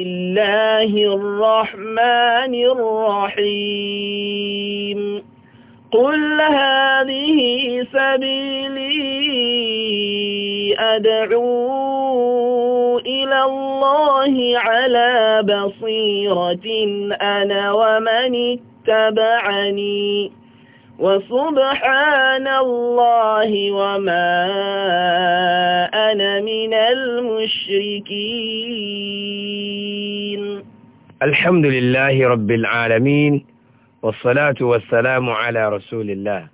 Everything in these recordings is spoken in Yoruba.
الله الرحمن الرحيم قل هذه سبيلي أدعو إلى الله على بصيرة أنا ومن اتبعني وسبحان الله وما أنا من المشركين الحمد لله رب العالمين والصلاة والسلام على رسول الله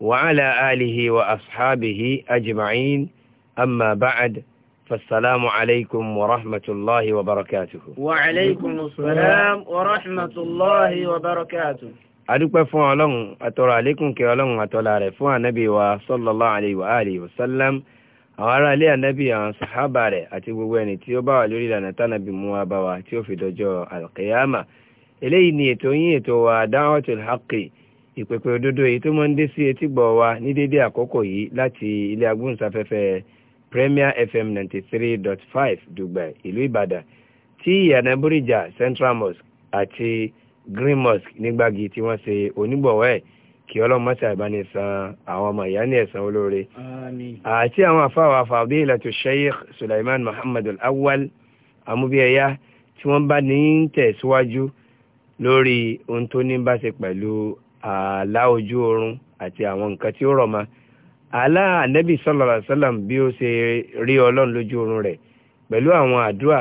وعلى آله وأصحابه أجمعين أما بعد فالسلام عليكم ورحمة الله وبركاته وعليكم السلام ورحمة الله وبركاته adúpẹ́ fún ọlọ́run àtọrọ àlékún kẹ ọlọ́run àtọ́lá rẹ̀ fún ànábì wa sallallahu alayhi wa alihi wa sallam àwọn ará ilé ànábì àwọn sàhábà rẹ̀ àti gbogbo ẹni tí ó bá wà lórí ìlànà tánàbì mú wa bá wa tí ó fi dọjọ́ alkiyama eléyìí ni ètò yín ètò wa da'watul haqqi ìpèpè òdodo èyí tó máa ń dé sí etí gbọ̀ wa ní dédé àkókò yìí láti ilé agbóhùnsáfẹ́fẹ́ Premier FM 93.5 Dùgbẹ̀ ìlú Ìbàdàn tí ìyànà bíríjà Central Mosque àti green mosque nígbàgì tí wọ́n ṣe onígbọ̀wọ́ ẹ̀ kí ọlọ́mọ́sà ìbáni san àwọn ọmọ ìyá ní ẹ̀san olóore. àti àwọn afáwà fadilatu sheikh suleiman muhammad al-awwal amúbíẹ̀yà tí wọ́n bá ní tẹ̀síwájú lórí ohun tó ní bá ṣe pẹ̀lú àlá ojú oorun àti àwọn nǹkan tí ó rọ̀ mọ́ àlá ànábì sallallahu alaihi wasallam bí ó ṣe rí ọlọ́run lójú oorun rẹ̀ pẹ̀lú àwọn àdúrà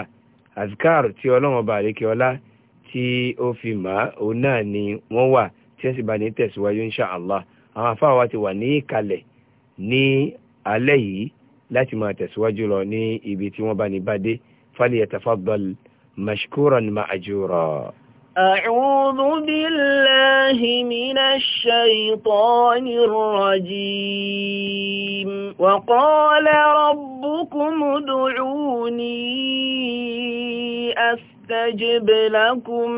azkar tí ọlọ́run ọba àríkè ọlá tí ó fi mà á náà ni wọ́n wà tí wọ́n sì bá ní tẹ̀síwájú insha Allah àwọn afáà ti wà ní ìkàlẹ̀ ní alẹ́ yìí láti máa tẹ̀síwájú lọ ní ibi tí wọ́n bá ní bá dé falyatafaddal mashkuran ma'ajura. أعوذ بالله من الشيطان الرجيم وقال ربكم ادعوني أس يستجب لكم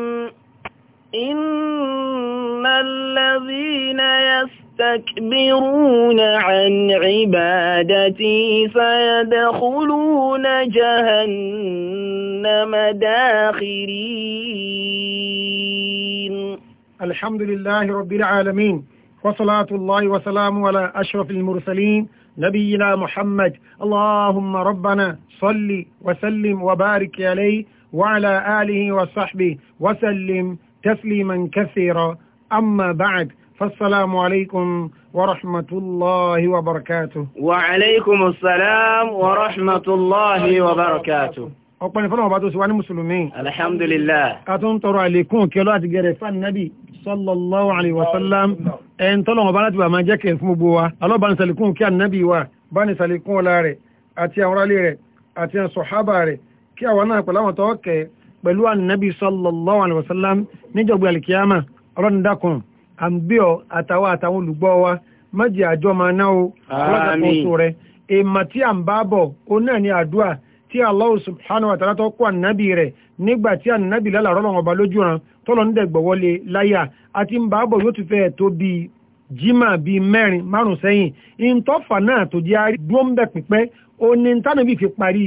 إن الذين يستكبرون عن عبادتي سيدخلون جهنم داخرين الحمد لله رب العالمين وصلاة الله وسلامه على أشرف المرسلين نبينا محمد اللهم ربنا صلي وسلم وبارك عليه وعلى آله وصحبه وسلم تسليما كثيرا أما بعد فالسلام عليكم ورحمة الله وبركاته وعليكم السلام ورحمة الله وبركاته ọ̀pọ̀ni fọ́nà ọba tó síwá ní musulmi alhamdulillah a tó ń tọrọ àlékún kí ọlọ́ àti gẹ̀rẹ̀ fún nábi sallallahu alaihi wasallam ẹn tọ́lọ̀ ọba láti bà máa jẹ́ kẹ́ fún gbogbo wa alọ́bà ní sàlékún kí wa bá ọlá rẹ̀ àti àwọn alẹ́ rẹ̀ àti àwọn sọ̀hábà rẹ̀ kí àwọn náà pẹ̀lú àwọn tọ́ọ̀kẹ́ pẹ̀lú ànábì sallallahu alaihi wasallam níjọ̀gbé alìkíyàmà ọlọ́run dákun àǹbíọ̀ àtàwọn àtàwọn olùgbọ́ wa májì àjọ máa ná o ọlọ́dàkùnso rẹ̀ èèmà tí à ń bá bọ̀ ó náà ní àdúà tí Allah subhanahu wa ta'ala tó kó ànábì rẹ̀ nígbà tí ànábì lálàrọ́ lọ́wọ́ ọba lójú ran tọ́lọ́ ń dẹ̀gbọ̀wọlé láyà àti ń bá bọ̀ yóò ti fẹ́ tó bíi jimá bíi mẹ́rin márùn sẹ́yìn ìntọ́fà náà tó jẹ́ àrí dúró ń bẹ̀ pípẹ́ ó ní fi parí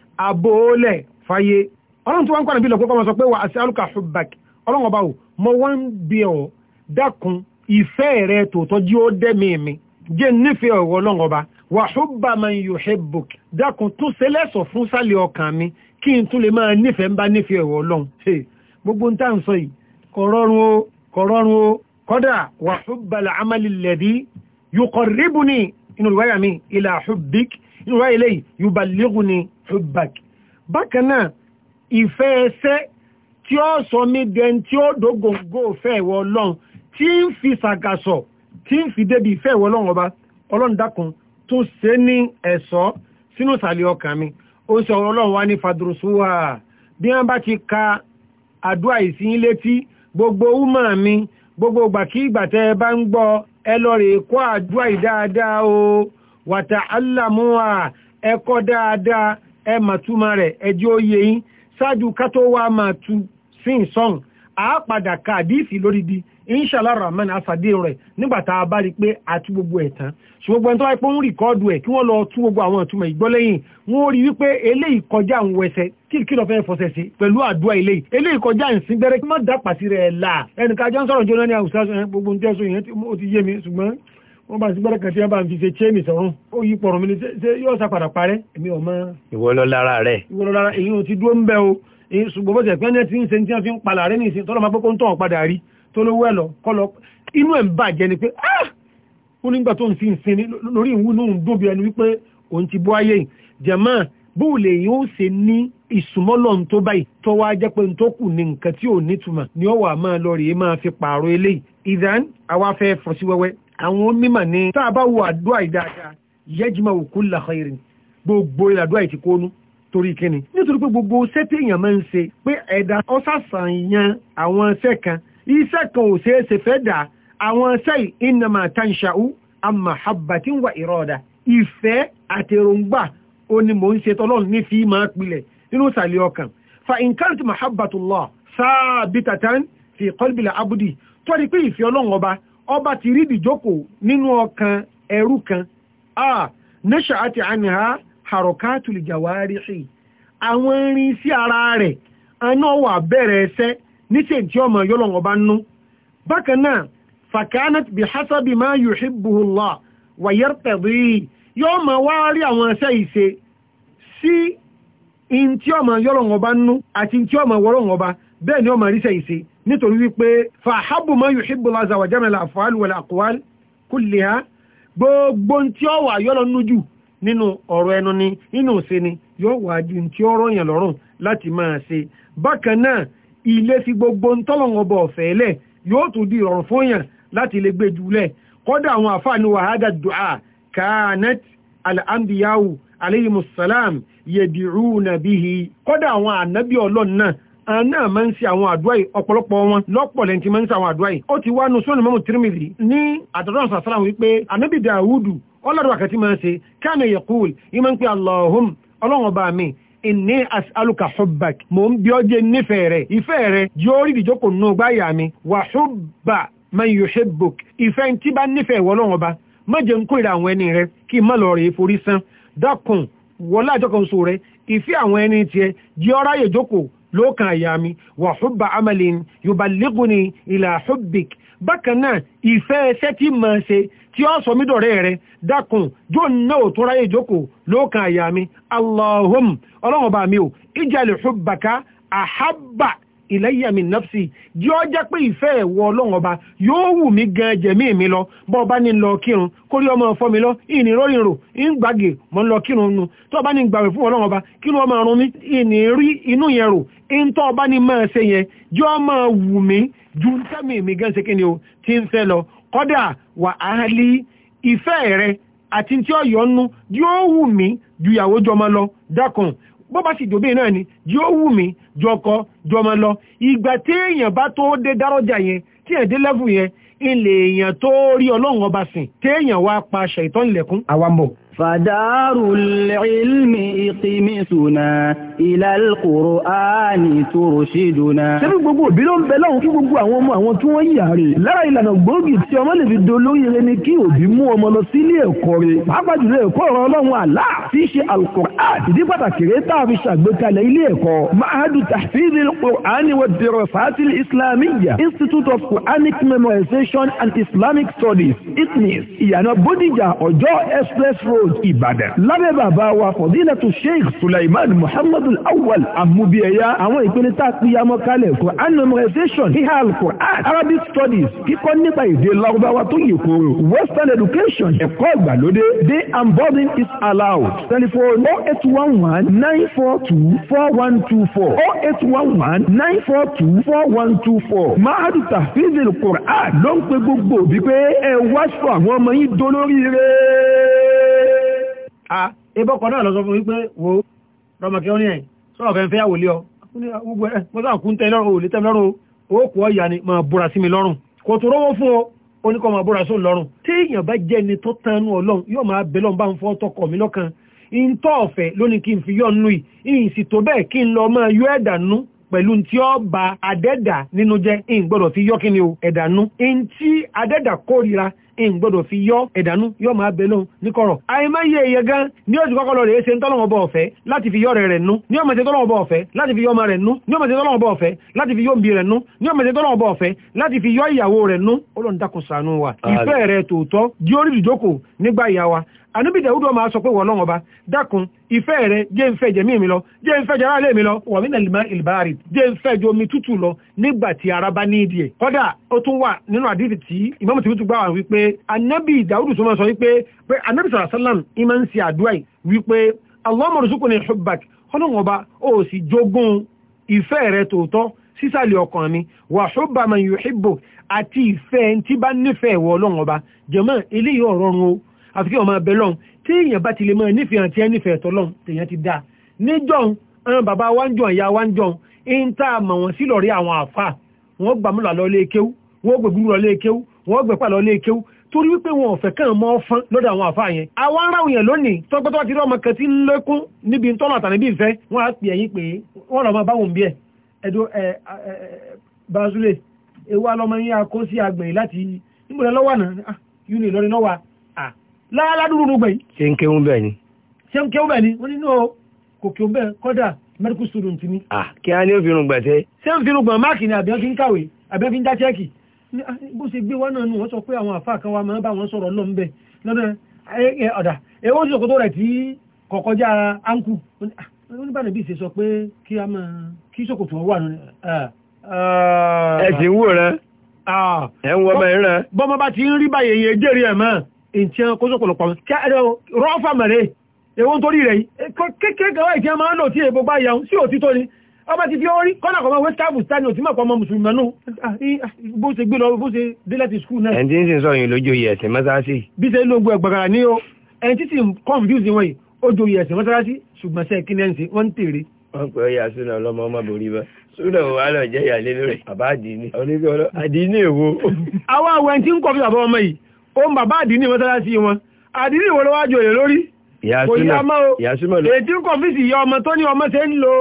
àbòólẹ̀ fàyè ọlọ́run tó wá ń kọ́ àbílọ̀ pípọ́ sọ pé wà àti alùkà hubbak ọlọ́run ọba ò mọ wọ́n ń bí ọ̀ dákun ìfẹ́ rẹ tòótọ́ jí ó dẹ́mi mi jẹ́ nífẹ̀ẹ́ ọ̀wọ́ ọlọ́run ọba wà hubba man yuhibbuk dákun tún sẹlẹ̀sọ̀ fún sálẹ̀ ọkàn mi kí n tún lè máa nífẹ̀ẹ́ ń bá nífẹ̀ẹ́ ọ̀wọ́ ọlọ́run gbogbo ń tà ń sọ yìí kọ̀rọ̀run inú wáyé lẹ́yìn yuballighuni hubbak bákan náà ìfẹ́ ẹsẹ́ tí ó sọ mí dẹn tí ó dógóńgó fẹ́ ìwọ ọlọ́run tí ń fi ṣàgàsọ̀ tí ń fi débi ìfẹ́ ìwọ ọlọ́run ọba ọlọ́run dákun tó ṣe ní ẹ̀ṣọ́ sínú ìsàlẹ̀ ọkàn mi ó sọ ọlọ́run wá ní fadrusuwa bí wọ́n bá ti ka àdúrà ìsìn létí gbogbo úmọ̀ mi gbogbo ìgbàkígbà tẹ́ ẹ bá ń gbọ́ ẹ lọ rè kó àdúrà ìdáadáa o wàtà alámúwà ẹ̀kọ́ dáadáa ẹ mà túmọ̀ rẹ̀ ẹjọ́ oyè yín ṣáájú ká tó wá máa tu sí ìsọ̀n àápadà ka lórí di inshallah rahman asade rẹ̀ nígbà tá a bá rí i pé a tú gbogbo ẹ̀ tán ṣùgbọ́n gbọ́n tó wáyé pé ń rìkọ́ọ̀dù ẹ̀ kí wọ́n lọ tú gbogbo àwọn ìtumọ̀ ìgbọ́lẹ́yìn wọ́n rí wípé eléyìí kọjá ń wẹsẹ̀ kí ló fẹ́ fọsẹ̀ sí pẹ̀lú àdúrà ilé eléyìí kọjá ìsìn gbẹrẹ kí má dàpàsí rẹ̀ là ẹnìkan jọ ń sọ̀rọ̀ jóná ní àwùjọ gbogbo ń tẹ́sọ̀ yẹn ó ti yé mi ṣùgbọ́n wọ́n bá ti gbọ́dọ̀ kan tí wọ́n bá ń fi ṣe chéènì sọ̀rọ̀ ó yí pọ̀rọ̀ mi ni ṣé yóò sá padà parẹ́ èmi ò mọ. ìwọ lọ lára rẹ. ìwọ lọ lára èyí ò ti dúró ń bẹ o èyí ṣùgbọ́n bó ṣe pé ẹni tí ń ṣe tí wọ́n fi ń palà rẹ nìṣẹ́ tọ́lọ́ máa pé kó ń tọ̀hún padà rí tó lówó ẹ̀ lọ kọ́ lọ inú ẹ̀ ń bàjẹ́ ni pé ah! ó nígbà tó ń sin sin lórí ìwú náà ń dùn bí ẹni wípé òun ti bọ́ ayé jẹ̀mọ́ bóò lè yín àwọn onímọ̀ ní tá a bá wo àdúrà ìdáadáa yẹ́jìmọ̀ òkú làkọ́yìrì gbogbo ìlàdúrà ìtìkónú torí kíni nítorí pé gbogbo sẹ́tì èèyàn máa ń ṣe pé ẹ̀dá ọ̀sàṣàyàn àwọn iṣẹ́ kan iṣẹ́ kan ò ṣeé ṣe fẹ́ dà àwọn iṣẹ́ ìnàmà tanṣàú àmàhàbàtì wà ìrọ̀dà ìfẹ́ àtẹ̀rọ̀ǹgbà ó ní mò ń ṣe tọ́lọ́run ní fi máa pilẹ̀ nínú ìsàlẹ̀ ọkàn fa nǹkan tí màhàbàtúlọ̀ sáà bìtàtàn fi kọ́lbìlà abudi tọ́ni pé ìfẹ́ ọlọ́run ọba ọba ti rí ìdìjókòó nínú ọkàn ẹrú kan a nẹ́ṣà àti àníhá harokatuli jawarihi àwọn irin sí ara rẹ̀ aná wà bẹ̀rẹ̀ ẹsẹ́ níṣẹ́ tí ọmọ yọlọ́n ọba nú bákan náà fakanat bi hasabi ma yuhibbuhu wa yartadi yóò ma wá rí àwọn ẹsẹ́ ìṣe sí in tí ọmọ ọba nú àti in nítorí wípé fàáhábù mọ́ yóò ṣíbò láza wà jẹ́mẹ̀lá àfààlù wà àkọwàl kú lè ha gbogbo tí ó wà yọ́lọ nújù nínú ọ̀rọ̀ ẹnu ni nínú ṣe ni yóò wà ju tí ó rọ̀yàn lọ́rùn láti máa ṣe bákan náà ilé fi gbogbo tọ́lọ̀ngọbọ̀ ọ̀fẹ́ lẹ̀ náà máa ń ṣe àwọn àdúrà yìí ọ̀pọ̀lọpọ̀ wọn lọ́pọ̀ lẹ́ntì máa ń ṣe àwọn àdúrà yìí ó ti wá nu sọ́nà mọ́mù Tirmidhi ní àtọ̀dọ̀ sàṣàlám wípé anábì Dàwúdù ọlọ́dọ̀ àkàtì máa ń ṣe káàmì yaqul ìmọ̀ ń pè Allahum ọlọ́run ọba mi inni as'aluka hubbak mò ń bí ọjẹ́ nífẹ̀ẹ́ rẹ̀ ìfẹ́ rẹ̀ yóò rí ìdíjókòó nù gbáyà mi wa hubba man yuhibbuk ìfẹ́ tí bá nífẹ̀ẹ́ wọ́ lọ́wọ́ lókàn àyà mi wà hubba amalin yuballighuni ila hubbik bákan náà ìfẹ́ ẹsẹ́ tí mọ̀ ṣe tí ó sọ mí dọ̀rẹ́ rẹ dákun jọ náà tó ráyè jókòó lókàn àyà mi allahum bá mi ò ijal hubbaka ahabba ilayya min nafsi jí ọ jẹ́ pé ìfẹ́ ẹ̀wọ̀ ọlọ́run ọba yóò wù mí gan jẹ̀mí mi lọ bọ́ ọba ní lọ kírun kórí ọmọ ọ̀fọ́ mi lọ ìní rórìnrò ìgbàgè mọ́ ń lọ kírun nu tó ọba ní gbàwẹ̀ fún ọlọ́run ọba kí ló ọmọ ọ̀run mi ìní rí inú yẹn rò ìntọ́ ọba ní máa ṣe yẹn jí ọ máa wù mí ju sẹ́mi mi gan ṣe kíni o ti ń fẹ́ lọ kọ́dà wà ìfẹ́ rẹ àti tí ọ̀yọ́ nu yóò wù mí ju ìyàwó jọmọ lọ dákun bó bá sì jòbí náà ni jí ó wù mí jọkọ jọmọ lọ ìgbà tí èèyàn bá tó dé dárọ́jà yẹn tí èèyàn dé lẹ́fù yẹn ilé èèyàn tó rí ọlọ́run ọba sìn téèyàn wá pa ṣètọ́ ìlẹ̀kùn àwa mọ̀ فدار العلم اقمتنا إلى القرآن ترشدنا ṣebí gbogbo òbí ló ń bẹ lọ́hùn fún gbogbo àwọn ọmọ àwọn tí wọ́n yà rè lára ìlànà gbòógì tí ọmọ lè fi dolóyè rẹ ni kí òbí mú ọmọ lọ sílé ẹ̀kọ́ rẹ pàápàá jùlọ ẹ̀kọ́ ọ̀rọ̀ ọlọ́run àlá tí í ṣe alukur'an ìdí pàtàkì rẹ tá a fi ṣàgbékalẹ̀ ilé ẹ̀kọ́ mahadu tahfidil qur'an wa dirasati islamiyya institute of quranic memorization and islamic studies itnis ìyànà bódìjà ọjọ́ express road road ìbàdàn. lábẹ́ bàbá wa fọ̀dílẹ̀tù sheikh suleiman muhammad awal amubiyaya àwọn ìpele tá a ti yamọ́ kalẹ̀ quran memorization hiha quran arabic studies kíkọ́ nípa èdè lọ́rùbáwá tó yẹ kóró western education ẹ̀kọ́ ìgbàlódé day and boarding is allowed telephone oh eight one one nine four two four one two four oh eight one one nine four two four one two four mahadu tahfizil quran ló ń pe gbogbo òbí pé ẹ wá sọ àwọn ọmọ yín dolóríire a ebọ́kọ̀ náà lọ sọ fún wípé wo rọmọkẹ́ ó ní ẹ̀ sọ́rọ̀ fẹ́ fẹ́yàwó lé ọ gbogbo ẹ̀ mọ́sá kún tẹ́ lọ́rùn òòlé tẹ́mi lọ́rùn ó kù ọ ìyá ni máa búra sí mi lọ́rùn kò tó rówó fún ọ ó ní kọ́ máa búra sóun lọ́rùn tí èèyàn bá jẹ́ ni tó tanú ọlọ́run yóò máa bẹ lọ́n bá ń fọ́ tọkọ mi lọ́kàn ìntọ́ ọ̀fẹ́ lónìí kí n fi yọ̀ nù yìí ìsì tó bẹ́ẹ̀ kí n lọ máa yọ ẹ̀dà nù pẹ̀lú tí ó ba adẹ́dà nínú jẹ́ ìgbọ́dọ̀ fi yọ́kíni o ẹ̀dà nù. ìntí adẹ́dà kórira ń gbọ́dọ̀ fi yọ́ ẹ̀dánú yọ́ máa bẹ̀ lóhun ní kọ̀rọ̀. àìmáyé èèyàn gan ní oṣù kọ́kọ́ lọ rèé ṣe ń tọ́lọ́wọ́ bọ̀ ọ̀fẹ́ láti fi yọ́ rẹ̀ rẹ̀ nú ní ọmọ ṣe tọ́lọ́wọ́ bọ̀ ọ̀fẹ́ láti fi yọ́ ọmọ rẹ̀ nú ní ọmọ ṣe tọ́lọ́wọ́ bọ̀ ọ̀fẹ́ láti fi yọ́ òbí rẹ̀ nú ní ọmọ ṣe tọ́lọ́wọ́ bọ̀ ọ̀fẹ́ láti fi yọ́ ìyàwó rẹ̀ nú Ọlọ́run dákun ṣàánú wa ìfẹ́ rẹ̀ tòótọ́ di orí ìdókò nígbà ìyá wa ànúbì dàúdù ọmọ aṣọ pé wọ́lọ́wọ́ bá dákun ìfẹ́ rẹ jẹ́ ń fẹ́jẹ̀ mí mi lọ jẹ́ ń fẹ́jẹ̀ aráàlẹ́ mi lọ wà mí nàìjíríà ìlbáàrì jẹ́ ń fẹ́jẹ̀ omi tútù lọ nígbà tí ara bá ní ìdí ẹ̀ kọ́dà ó tún wà nínú àdìsí tí ìmáàmù tìbútù gbà wá wípé ànúbì dàúdù tó máa sọ wípé pé ànúbì sọ̀rọ̀ sálàm ìmọ̀ ń ṣe àdúrà wípé Allahumma rzuqni hubbak ọlọ́wọ́ba ó sì jogún ìfẹ́ rẹ tòótọ́ sísàlẹ̀ ọkàn mi wà àti kí ọmọ abẹ lọ́hùn tí èèyàn bá ti lè mọ nífẹ̀ẹ́ àti ẹnífẹ̀ẹ́ ẹ̀tọ́ lọ́hùn tèèyàn ti dáa níjọ́hun àwọn bàbá wa ń jọ ìyá wa ń jọ ń tá a mọ̀ wọ́n sí lọ́rí àwọn àfà wọ́n gbà múlà lọ léèkéwú wọ́n gbẹ̀gbúrú lọ léèkéwú wọ́n gbẹ̀pà lọ léèkéwú torí wípé wọn ò fẹ́ kàn mọ́ fán lọ́dọ̀ àwọn àfà yẹn. àwa ń ráwọn yẹn lónìí tọ́gbọ́tọ́ bá ti rí ọmọ kan tí ń lékún níbi tọ́nà àtàní bí ìfẹ́ wọ́n á pè láládúrú gbẹ̀yìn. ṣé ń kéwú bẹ́ẹ̀ ni. ṣé ń kéwú bẹ́ẹ̀ ni wọ́n nínú kò kí o bẹ́ẹ̀ kọ́dà medical student ni. ah kí á ní òfinrun gbẹ̀tẹ́. ṣé ń finrun gbọ̀n máàkì ni àbí wọ́n fi ń kàwé àbí wọ́n fi ń dá chẹ́ẹ̀kì. Ah, bó ṣe gbé wọn náà nù wọ́n sọ pé àwọn àfa kan wa máa ń bá wọn sọ̀rọ̀ lọ ńbẹ lọ́dọ̀ ọ̀dà èwo ti sòkòtò rẹ̀ tí kọ̀kọ́já áńkù. oníbàdàn ah, bíi ṣe sọ pé kí a máa kí sòkòtò wà nù. Ah, ẹ sì ń ẹ ń wọ ọmọ yìí rẹ. bọ́mọ bá ti ń rí báyẹn yẹn jèrè ẹ̀ mọ́ ìtí ẹran kóso pọ̀lọpọ̀ rọ́fà mẹ́rẹ́ ewu torí rẹ̀ kékeré gawá ìtí ẹran máa ń lò tí èbó bá ọba ti fi orí kọ́nà kọ́mọ west cape stani òtí mọ̀ pọ̀mọ mùsùlùmí mẹ́nu ah, ah, bó ṣe gbé lọ bó ṣe délẹ̀ ti skul náà. ẹni tí ń sọ yìí lójú iye ẹ̀sìn mọ́sáàsì. bí ṣe ló gbọ́ ẹgbẹ̀rẹ̀ ní o ẹni sì confuse wọn yìí ó iye ẹ̀sìn mọ́sáàsì ṣùgbọ́n sẹ́ẹ̀ kí ni ẹni wọ́n ń tèrè ó ń bàbá àdínì mọ́sálásí wọn àdínì wọn ló wájú èlè lórí kò yá mọ́ o ètí ń kọ̀fíìsì yọ ọmọ tó ní ọmọ ṣe ń lo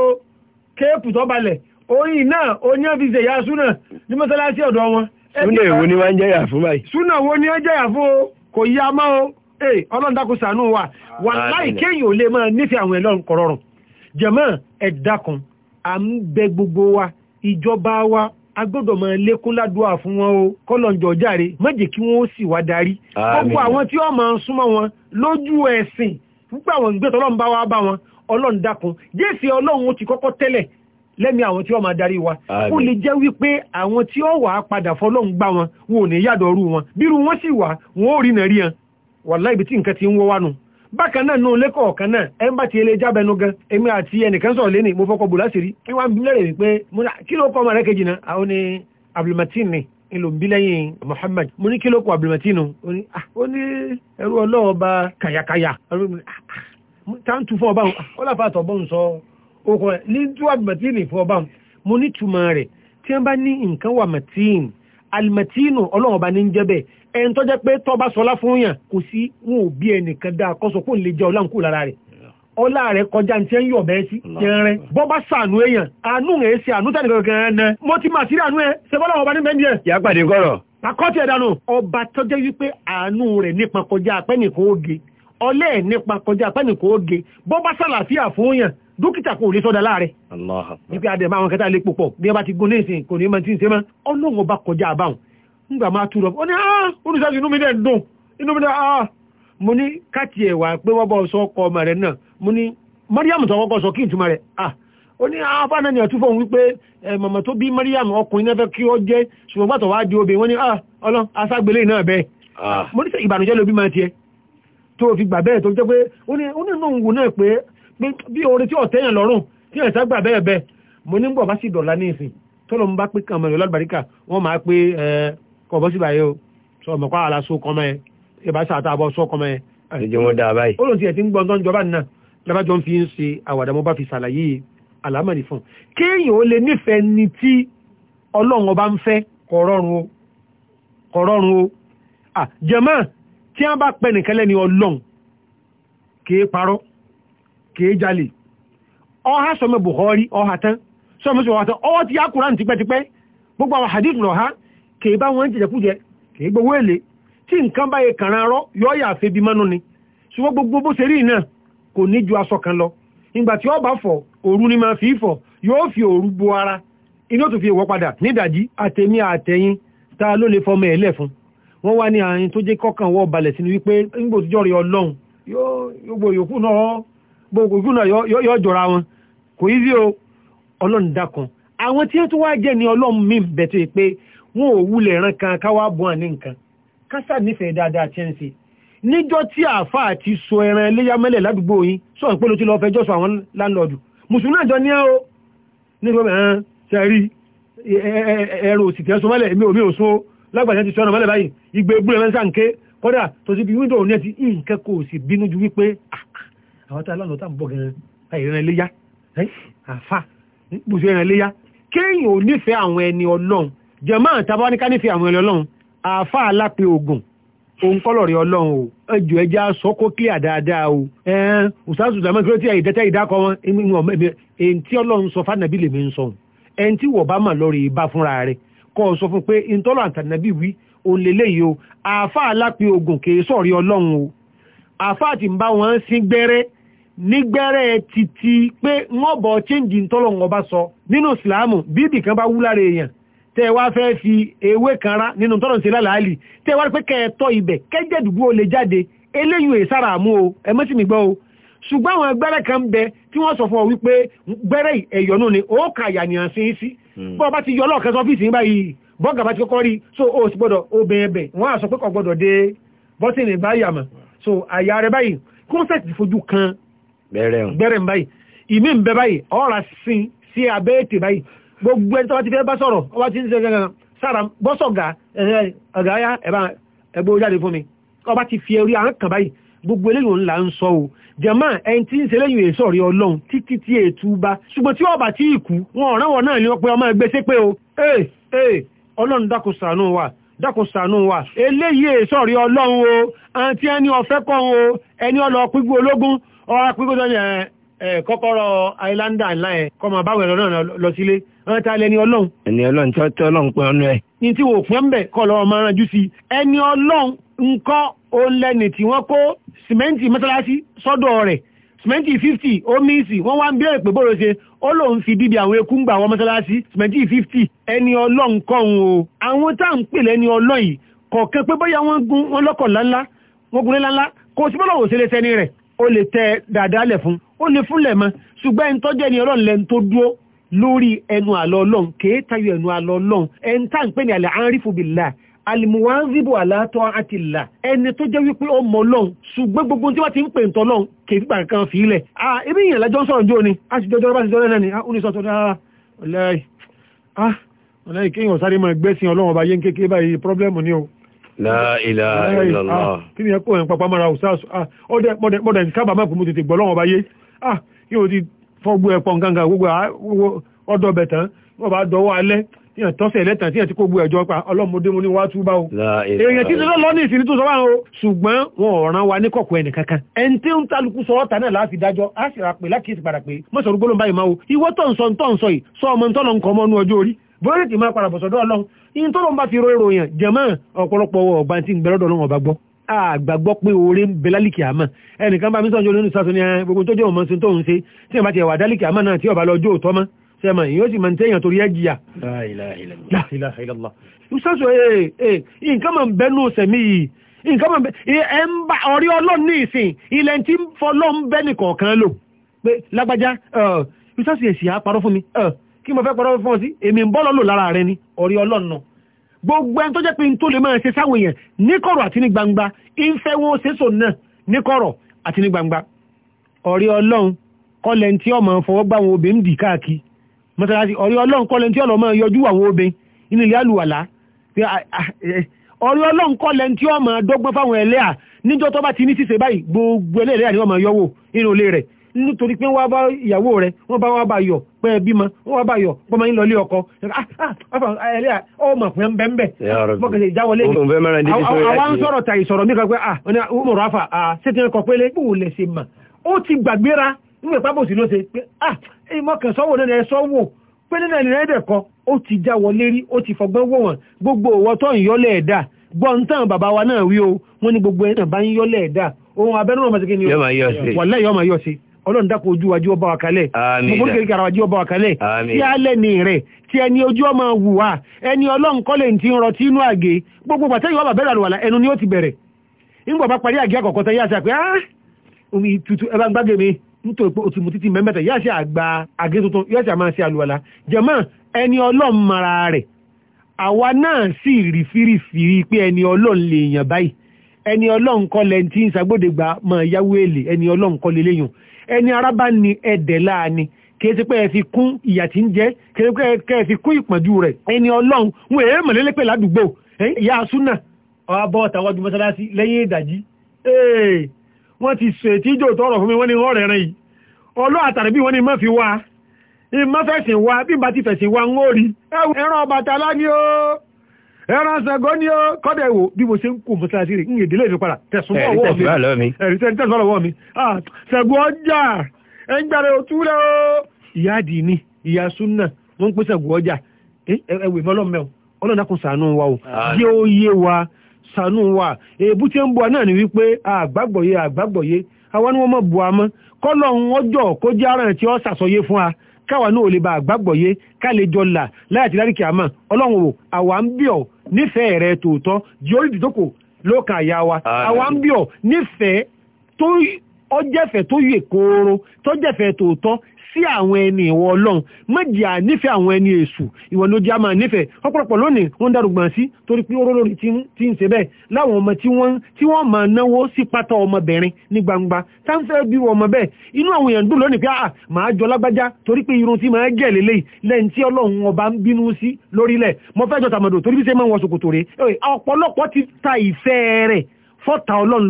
kéèpù tó balẹ̀ oyin náà oníyàn fi ṣe ìyá súnà ní mọ́sálásí ọ̀dọ̀ wọn. súnà èwo ni wọ́n ń jẹ́yà fún báyìí. súnà wo ni wọ́n jẹ́yà fún o kò yá mọ́ o ee ọlọ́run dákun ṣàánú wa wà láì kéyìn ò lè máa nífẹ̀ẹ́ àwọn ẹlọ́run kọ̀rọ̀rùn jẹ̀mọ́ ẹ̀dá à ń bẹ gbogbo wa ìjọba wa agbọ́dọ̀ máa lékún ládùúà fún wọn o kọ́lọ̀njọ́ jàre má jẹ́ kí wọ́n ó sì wá darí gbogbo àwọn tí wọ́n máa ń súnmọ́ wọn lójú ẹ̀sìn púpọ̀ àwọn ìgbé tọ́lọ́n bá wá bá wọn ọlọ́run dákun jésì ọlọ́run ti kọ́kọ́ tẹ́lẹ̀ lẹ́mi àwọn tí wọ́n máa darí wa ó lè jẹ́ wípé àwọn tí ó wà á padà fọlọ́run gbá wọn wọn ò ní yàdọ̀rú wọn bírú wọn sì wà wọn ò rí nàrí hàn wàláhì ibi tí nǹkan ti ń wọ́ wánu bákan náà nù lẹ́kọ̀ọ́ kan náà ẹ ń bá ti ele jábẹnu gan èmi àti ẹnìkan sọ̀rọ̀ lẹ́nì mo fọ́kọ̀ bù láṣìírí kí wọ́n bí wípé kí ló kọ́ ni abdulmatin ni ìlò ń mo ní kí ló o ah, ó ní ẹrú ọlọ́wọ́ bá kàyàkàyà ah, ah, táǹtù fún ọba ó láfa àtọ̀ sọ ní tí abdulmatin fún ọba mo ní rẹ̀ tí wọ́n bá ní nǹkan matin alimatinu ọlọ́run ọba ní ń jẹ́ bẹ́ẹ̀ ẹni tó jẹ́ pé tó bá sọlá fún yàn kò sí wọn ò bí ẹnìkan dáa kọ́sọ̀ kó lè jẹ́ ọlá ń kú lára rẹ̀ ọlá rẹ̀ kọjá ní tí ń yọ̀ bẹ́ẹ̀ sí yẹnrẹ́ bọ́ sànú èèyàn àánú rẹ̀ ṣe àánú tẹ̀ nìkan kan náà mo ti mà sírí àánú ẹ ṣe bọ́lá ní mẹ́ndíẹ̀. yà pàdé kọ̀rọ̀. àkọ́tì ẹ̀dánù ọba tó wípé àánú rẹ̀ nípa kọjá apẹ́nìkan oge ọlẹ́ẹ̀ nípa kọjá apẹ́nìkan oge bọ́ sàlàfíà fún yàn dókítà kò lè sọ́dá láàrẹ nípa àdẹ̀mà àwọn kẹta lè púpọ̀ bí wọ́n bá ti gún ní ìsìn kò ní mọ̀ tí ń ṣe mọ́ ọlọ́run bá kọjá àbáhùn nígbà máa tú lọ ní àá ah, olùsáàsì inú mi dẹ̀ dùn inú mi dẹ̀ ah. mo ní káàtì ẹ̀wà pé wọ́n sọ ọkọ ọmọ náà mo ní Mariam tó kọ́kọ́ sọ n túmọ̀ ah. ó ní ni àtúfọ̀ tó bí Mariam ọkùnrin náà fẹ́ kí ó jẹ́ bí orin tí ọ̀tẹ́yàn lọ́rùn tí ẹ̀sẹ̀ gbà bẹ́ẹ̀ bẹ́ẹ̀ mo ní bọ̀ bá sì dọ̀la ní ìsìn tọ́lọ̀ ń bá pé kàn mọ́ni ọlọ́dúnbàríkà wọ́n máa pé ẹ kọ̀bọ́ sí báyìí o sọ ọmọ pààlà so kọmọ ẹ ìbá sàtà àbọ̀ sọ kọmọ ẹ. àlejò wọn dáa báyìí. ó lóun ti ẹ̀ ti ń gbọ́n tó ń jọba nínà lábàjọ́ ń fi ń ṣe àwàdà mo bá fi ṣàlàyé àlámọ̀rí fún un. kéèyàn ó lè nífẹ̀ẹ́ ni tí o kọ̀rọ̀run o. à kìí jale ọha sọmọ Buhari ọha tán sọmọ sọmọ tán ọwọ́ ti tipẹ́tipẹ́ gbogbo àwọn hadith ha kìí bá wọn jẹjẹkújẹ kìí gbogbo èlé tí nǹkan bá yẹ kàrán arọ́ yọ́ yà fẹ́ bí mánú ni ṣùgbọ́n gbogbo bó ṣe rí náà kò ní ju aṣọ kan lọ ìgbà tí ó òru ni máa fi fọ yóò fi òru bo ara inú tó fi padà ta ló lè fọmọ ẹ̀ lẹ̀ fún wá ní àárín tó jẹ́ kọ́kàn wọ́ sínú wípé gbogbo ojú náà yọ jọra wọn kò yí sí o ọlọ́run dákan àwọn tí ó tún wá jẹ́ ni ọlọ́run mi bẹ̀tọ̀ pé wọn ò wulẹ̀ ran kan káwá bọ́ àní nǹkan kásá nífẹ̀ẹ́ dáadáa tí ń ṣe níjọ́ tí àáfàá ti so ẹran ẹlẹ́yàmẹ́lẹ̀ ládùúgbò yín sọ̀rọ̀ pé ló ti lọ fẹjọ́ sọ àwọn láńlọ́ọ̀dù mùsùlùmí náà jọ ní ẹ́ o nígbà mẹ́rin sẹ́rí ẹ̀rọ òsì tẹ́sùn mọ́lẹ̀ èmi ò mí ò sún ó lágbàjẹ́ ti sọ́nà mọ́lẹ̀ báyìí igbe gbúrẹ́ mẹ́sàn-án ké kọ́dà tó ti fi wíńdò ní ẹ ti nǹkan kò sì bínú ju wípé ah àwọn tá a lọ́nà tá à ń bọ̀ gan-an ẹ̀rẹ́ léyà àfa bùsù ẹ̀rẹ́ léyà kéèyàn ò nífẹ̀ẹ́ àwọn ẹni ọlọ́run jẹ̀mọ́ ogun òun kọ́lọ̀ rí ọlọ́run o ẹjọ́ ẹja sọ kó kílíà dáadáa o ẹ̀ẹ́n ọ̀sán ṣùgbọ́n àmọ́ ìgbésẹ̀ ìdẹ́tẹ́ ìdákọ̀ wọn èyí tí ọlọ́run sọ fánàbí lèmi ń sọ ẹni tí wọ́n bá mà lọ́rọ̀ ìbá fúnra rẹ̀ kọ́ sọ fún pé ìtọ́lọ̀ àtànàbí wí ogun kì í sọ̀rí ọlọ́run o àáfà àti nígbẹ́rẹ́ títí pé wọ́n bọ̀ chíǹjì tọ́lọ̀wọ̀n ọba sọ nínú ìsìláàmù bíbì kan bá wúláre èèyàn tẹ́ wá fẹ́ fi ewé kan rá nínú tọ́lọ̀ sí lálàálì tẹ́ wá pé kẹ́ẹ̀tọ́ ibẹ̀ kẹ́jẹ̀dùgbò lè jáde eléyìí èsára àmú o ẹmọ́sí mi gbọ́ o ni ó kà yànìyàn sí sí hmm. bọ́ bá ti yọ lọ́ọ̀kan sọ́fíìsì ní so ó sì gbọ́dọ̀ obìnrin ẹ̀bẹ̀ wọ́n á sọ pé kò gbọ́dọ̀ so àyà rẹ̀ báyìí kọ́nsẹ̀tì fojú kan gbẹ̀rẹ̀ ń báyìí ìmí ń bẹ báyìí ọ̀rà sin sí abẹ́ ètè báyìí gbogbo ẹni tó bá ti fẹ́ bá sọ̀rọ̀ ọba ti ń ṣe gangan sára bọ́sọ̀gà ọ̀gá ya ẹgbẹ́ ojáde fún mi ọba ti fi ẹrí àwọn kan báyìí gbogbo eléyìí ńlá ń sọ o jẹ̀mọ́ ẹni tí ń ṣe lẹ́yìn èso rí ọlọ́run títí tí ètú bá ṣùgbọ́n tí ọba tí ìkú wọn ọ̀ràn wọn náà ni wọ́n pe ọmọ ẹgbẹ́ ṣépè o ee ee ọlọ́run dákun ṣàánú wa dákun ṣàánú wa eléyìí èso rí ọlọ́run o àti ẹni ọ̀fẹ́ kan o ẹni ọlọ́ọ̀pígbó ológun ọwọ́ eh, eh, apíkótọ́ yẹn kọ́kọ́rọ́ àìláńdà ńlá ẹ̀ kọ́ máa báwẹ̀ lọ́nà lọ sílé ọ̀nà tá a lẹ ní ọlọ́run. ẹni ọlọ́run tí ọtí ọlọ́run pín ọnú ẹ. ní tí wò pín ọ̀nbẹ kọ́ lọ́wọ́ máa ránjú sí i ẹni ọlọ́run nǹkan olẹ́ni tí wọ́n kó sìmẹ́ǹtì mọ́sálásí sọ́dọ̀ rẹ̀ sìmẹ́ǹtì fifty omíìsì wọ́n wá ń bẹ̀rẹ̀ pé bóró ṣe ó lòun fi bíbi àwọn eku ń gbà wọ́n mọ́sálásí sìmẹ́ǹtì fifty ẹni ọlọ́run kọ́ òun o àwọn tá à ń pè lẹ́ni ọlọ́run kọ̀ọ̀kan pé bóyá wọ́n gun wọn lọ́kọ̀ ńláńlá wọ́n gun ńláńlá kò sí bọ́lọ̀ òṣèlè sẹ́ni rẹ̀ ó lè tẹ́ dáadáa lẹ̀ fún ó lè fúnlẹ̀ mọ́ ṣùgbọ́n ẹni tọ́jẹ́ ni ọlọ́run lẹ́nu tó dúró lórí ẹnu àlọ́ ọlọ́run kéétayọ ẹnu àlọ́ ọlọ́run ẹni tá à ń pè ní àlẹ́ àárífù bìlà alimuwanzibu alatọ àti ìlà ẹni tó jẹ́ wípé ọmọ ọlọ́run ṣùgbọ́n gbogbo tí wọ́n ti ń pè ń tọ́lọ́run kèfí gbà kan fi ilẹ̀ ah ebi ìyìn lájọ́ ń sọ̀rọ̀ ní òní a sì jọjọ́ bá ti jọjọ́ náà ni ah ó ní sọ́tọ̀ dára ọ̀lẹ́ ah ọ̀lẹ́ kéèyàn sáré máa gbẹ́sìn ọlọ́run ọba yé ń kékeré báyìí pírọ́blẹ́mù ni o láìlà ìlàlá. Ah, kí ni ẹkọ ẹ̀ ń papá mara ọ̀sáàsù ọdẹ ah, mọ̀dẹ̀ nkábà má kùmù tètè gbọ́lọ́wọ́ bá yé ah yóò ti fọ́gbó ẹ̀pọ̀ nǹkan gbogbo ọdọ̀ bẹ̀ tán wọ́n bá dọwọ́ alẹ́ tíyàn tọ́sẹ̀ lẹ́tàn tíyàn tí kò gbó ẹ̀jọ́ pa ọlọ́mọdé mo ní wá túbá o. èèyàn tí lọ́lọ́ ní ìsinmi tó sọ wá o. ṣùgbọ́n wọn ò ràn wá ní kọ̀kọ̀ ẹnì kankan. ẹni tí ń talùkù sọ ọ́ta náà láti dájọ́ á sì ra pè lákìí sì padà pé mọ́sọ̀rọ̀ gbólóńbáyìí máa o ìwọ́tọ̀ ń sọ ń tọ́ ń sọ yìí sọ ọmọ ń tọ́nà ń kọ́ mọ́ nú ọjọ́ bóyìtì máa padà bọ̀sọ̀dọ̀ ọlọ́run in tó lọ́n bá fi ro ìròyìn jẹ̀mọ́ ọ̀pọ̀lọpọ̀ ọ̀gbà tí ń bẹ̀rọ̀dọ̀ ọlọ́run ọba gbọ́ àgbàgbọ́ pé oore ń bẹ lálìkì àmọ́ ẹnìkan bá mi sọ̀njọ́ nínú sásọ ní ah, gbogbo tó jẹ́ òun mọ́sí tó ń ṣe tí ẹ̀ bá ti ẹ̀wà dálìkì àmọ́ náà tí ọba lọ jó òtọ́ mọ́ sẹ́mọ̀ èyí ó sì máa ń tẹ́yàn torí ẹ̀ jìyà. sọ́sọ́ eh, eh, nǹkan máa ń bẹnu sẹ̀mí yìí nǹkan máa ń bẹ ẹ̀ ń bá ọ̀rí ọlọ́run ní ìsìn ilẹ̀ tí ń fọlọ́ ń bẹ́ nìkọ̀ọ̀kan lò pé lágbájá eh, sọ́sọ́ èsì àparọ́ fún mi kí mo fẹ́ pọ̀rọ̀ fún ọ sí èmi ń bọ́ lọ́lò lára rẹ ni ọ̀rí ọlọ́nà gbogbo ẹni tó jẹ́ pé n tó lè máa ṣe sáwọn èèyàn níkọ̀rọ̀ àti ní gbangba ń fẹ́ wọn ṣe sò náà níkọ̀rọ̀ àti ní gbangba ọ̀rí ọlọ́run kọ́lẹ̀ tí ọmọ fọwọ́ gbá àwọn obìnrin dì káàkiri mọ́sálásí ọ̀rí ọlọ́run kọ́lẹ̀ tí ọlọ́mọ yọjú àwọn obìnrin ilé àlùwàlá ah, ah, eh, ọ̀rí ọlọ́run kọ́lẹ̀ tí ọmọ dọ́gbọ́n fáwọn ẹlẹ́à níjọ́ tó bá ti ní ṣíṣe báyìí gbogbo ẹlẹ́ẹ̀lẹ́à ni ọmọ yọwọ́ inú ilé rẹ̀ nítorí pé wọ́n bá ìyàwó rẹ̀ wọ́n bá wá bá yọ̀ pé bímọ wọ́n wá bá yọ̀ pé máa ń lọ ilé ọkọ ọmọ fún ẹ̀ ń bẹ̀ mọ́kànlẹ̀ ah ọmọ rafa ah, ṣé ti ń kọ pé lé ah mọ́kànsọ́wò náà ẹ sọ́wọ́ pé nínú ẹni rẹ̀ dẹ̀kọ́ ó ti jáwọlé rí ó ti fọgbọ́n wò wọ́n gbogbo òwò tó ń yọ́lẹ̀ ẹ̀dá gbọ́n tán bàbá wa náà wí o wọ́n ọlọ́run dákun ojú wájú ọba wàkálẹ̀ gbogbo kékeré ara wájú ọba wàkálẹ̀ tí a lẹ́ ní rẹ̀ tí ẹni ojú ọmọ wù wá ẹni ọlọ́run kọ́lẹ̀ ti ń rọtí inú àgé gbogbo pàtẹ́ ìwà bàbá ìrànwọ́ ẹnu ni ó ti bẹ̀rẹ̀ nígbà bá parí àgé àkọ́kọ́ tẹ́ yá sí àpé ah! omi tuntun ẹ bá ń gbàgbé mi nítorí pé o mu títí mẹ́mẹ́ta yá sí àgbà àgé tuntun yá sí àmà àlùwàlà jẹ̀mọ́ ẹni ọlọ́run mara rẹ̀ àwa náà sì rí fírífírí pé ẹni ọlọ́run lè yàn báyìí ẹni ọlọ́run kọ́ lẹ́ni tí ń sagbódegba máa yáwó èlé ẹni ọlọ́run kọ́ lé léyìn ẹni arábá ni ẹ̀dẹ̀ láàni kìí ṣe pé ẹ fi kún ìyà tí ń jẹ kìí ṣe pé ẹ fi kún ìpọ́njú rẹ̀ ẹni ọlọ́run ń wèé mọ̀lẹ́lẹ́pẹ̀ ládùúgbò ìyá asúnà ọ̀rọ̀ abọ́ tàwọ́jú mọ́sálásí lẹ́yìn ìdajì wọ́n ti ṣe tí ìjò tọrọ fún mi wọ́n ni ọ̀rẹ́ rẹ̀ yìí ọlọ́ àtàrí bí wọ́n ní mọ́fi wá ìmọ́fẹ̀sìn wá bí bá ti fẹ̀sìn wá ń ó rí ẹran ọbàtálá ni ó ẹran ṣàgọ́ ni o kọ́dẹ̀ ìwò bí mo ṣe ń kó mọ́sálásí rẹ̀ ń èdè lè fi ọwọ́ mi ọjà ẹ̀ òtúrẹ́ o ìyá ìyá súnà wọ́n ń pè ọjà ẹ̀wẹ̀ o ọlọ́dà kò sànú wa o yé yé wa sànú wa èébú tí ń náà ni wípé àgbàgbọ̀yé àgbàgbọ̀yé àwa ni wọ́n mọ̀ káwa náà ò lè bá àgbàgbọ̀ yé ká lè jọ là láyà tí láríkì àmọ́ ọlọ́run o àwa ń bí ọ nífẹ̀ẹ́ rẹ tòótọ́ jí orí ìdókò lókàn àyà wa àwa ń bí ọ nífẹ̀ẹ́ tó ọjẹ́fẹ̀ẹ́ tó yè kooro tọ́jẹ́fẹ̀ẹ́ tòótọ́ sí àwọn ẹni ìwọ ọlọ́run méjì à nífẹ̀ẹ́ àwọn ẹni èṣù ìwọ ló jẹ́ àmà nífẹ̀ẹ́ ọ̀pọ̀lọpọ̀ lónìí wọ́n darúgbọ̀n sí torí pé oró lórí ti ń ṣe bẹ́ẹ̀ láwọn ọmọ tí wọ́n tí wọ́n máa náwó sí pátá ọmọbìnrin ní gbangba táǹfẹ́ bí ọmọ bẹ́ẹ̀ inú àwọn èèyàn dùn lónìí pé àà ah, máa jọ lágbájá torí pé irun tí máa gẹ̀ lélẹ̀ lẹ́yìn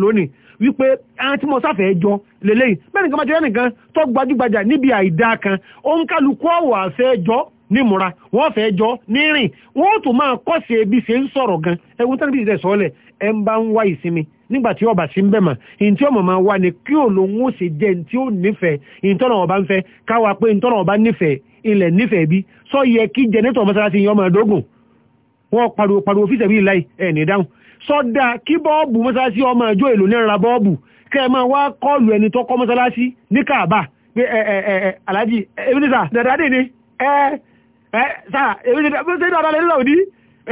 tí wípé ẹran tí mo sáfẹ́ jọ lélẹ́yìn bẹ́ẹ̀ nìkan májọ́ ẹnìkan tó gbajúgbajà níbi àìdá kan ó ń kálukú ọ̀wọ̀ àfẹ́ jọ nímúra wọ́n fẹ́ jọ nírìn wọ́n tún máa kọ́sẹ̀ ebi ṣe ń sọ̀rọ̀ gan ẹ̀wọ̀n tẹ́lẹ̀ bíi ìdẹ̀sọ́lẹ̀ ẹ̀ ń bá ń wá ìsinmi nígbà tí ọba sí ń bẹ̀ mà ìyìn tí ọmọ máa wá ni kí òun ó ṣe jẹ́ ní tí ó nífẹ̀ẹ́ ìyìn tọ́nà ọba ń fẹ́ káwa pé ìyìn tọ́nà ọba nífẹ̀ẹ́ ilẹ̀ nífẹ̀ẹ́ bí sọ yẹ kí jẹnẹtọ̀ mọ́sálásí yọmọ ẹ̀dógún wọ́n pariwo pariwo fíṣẹ̀ bíi láì ẹ̀ ní dáhùn sọ́dá kí bọ́ọ̀bù mọ́sálásí ọmọ ìjọ èlò ní ra bọ́ọ̀bù kẹ́ ẹ máa wá kọlù ẹni tó kọ́ mọ́sálásí ní Kaaba pé ẹ ẹ ẹ ni ẹ ẹ sá eminisa ṣé dáadáa lẹ́nu làwùdí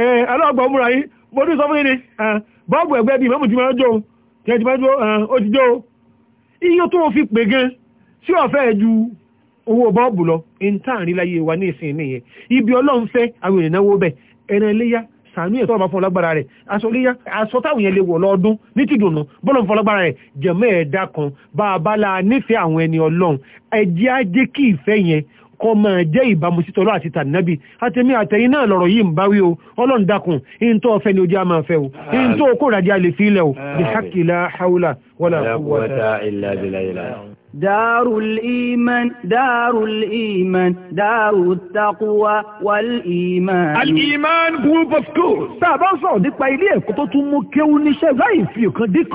ẹ ọlọ́gbọ̀n múra yín mo tún sọ fún yín ni bọ́ọ̀bù ẹgbẹ́ bíi mọ́mù ti máa jó tí ẹ ti máa jó ó ti jó iye tó fi pè gan sí ọ̀fẹ́ ju owó bọ́ọ̀bù lọ ní táàrin láyé wa ní ìsìn nìyẹn ibi Ọlọ́run fẹ́ àwọn ènìyàn náwó bẹ́ẹ̀ ẹran sàánú ẹ̀ tọ́lọ̀ bá fún ọlágbára rẹ̀ aṣọ léyá aṣọ táwọn yẹn lè wọ̀ lọ́ọdún ní ti dùnú bọ́lọ̀ fún ọlágbára rẹ̀ jẹ̀mọ́ ẹ̀dá kan bá a bá la nífẹ̀ẹ́ àwọn ẹni ọlọ́run ẹjẹ́ ajé kí ìfẹ́ yẹn kọ́ máa jẹ́ ìbámu sí tọ́lọ́ àti tànàbí àtẹ̀mí àtẹ̀yìn náà lọ̀rọ̀ yìí ń bá wí o ọlọ́run dákun in tó ọfẹ́ ni ojú a máa fẹ́ o in tó okòrò àjẹ́ àlè fílẹ̀ o bí hákìlá haúlà wọ́là دار الإيمان دار الإيمان دار التقوى والإيمان الإيمان group of schools tá a bá ń sọ̀rọ̀ nípa ilé ẹ̀kọ́ tó tún mú kéwú níṣẹ́ láì fi ọ̀kan dín kan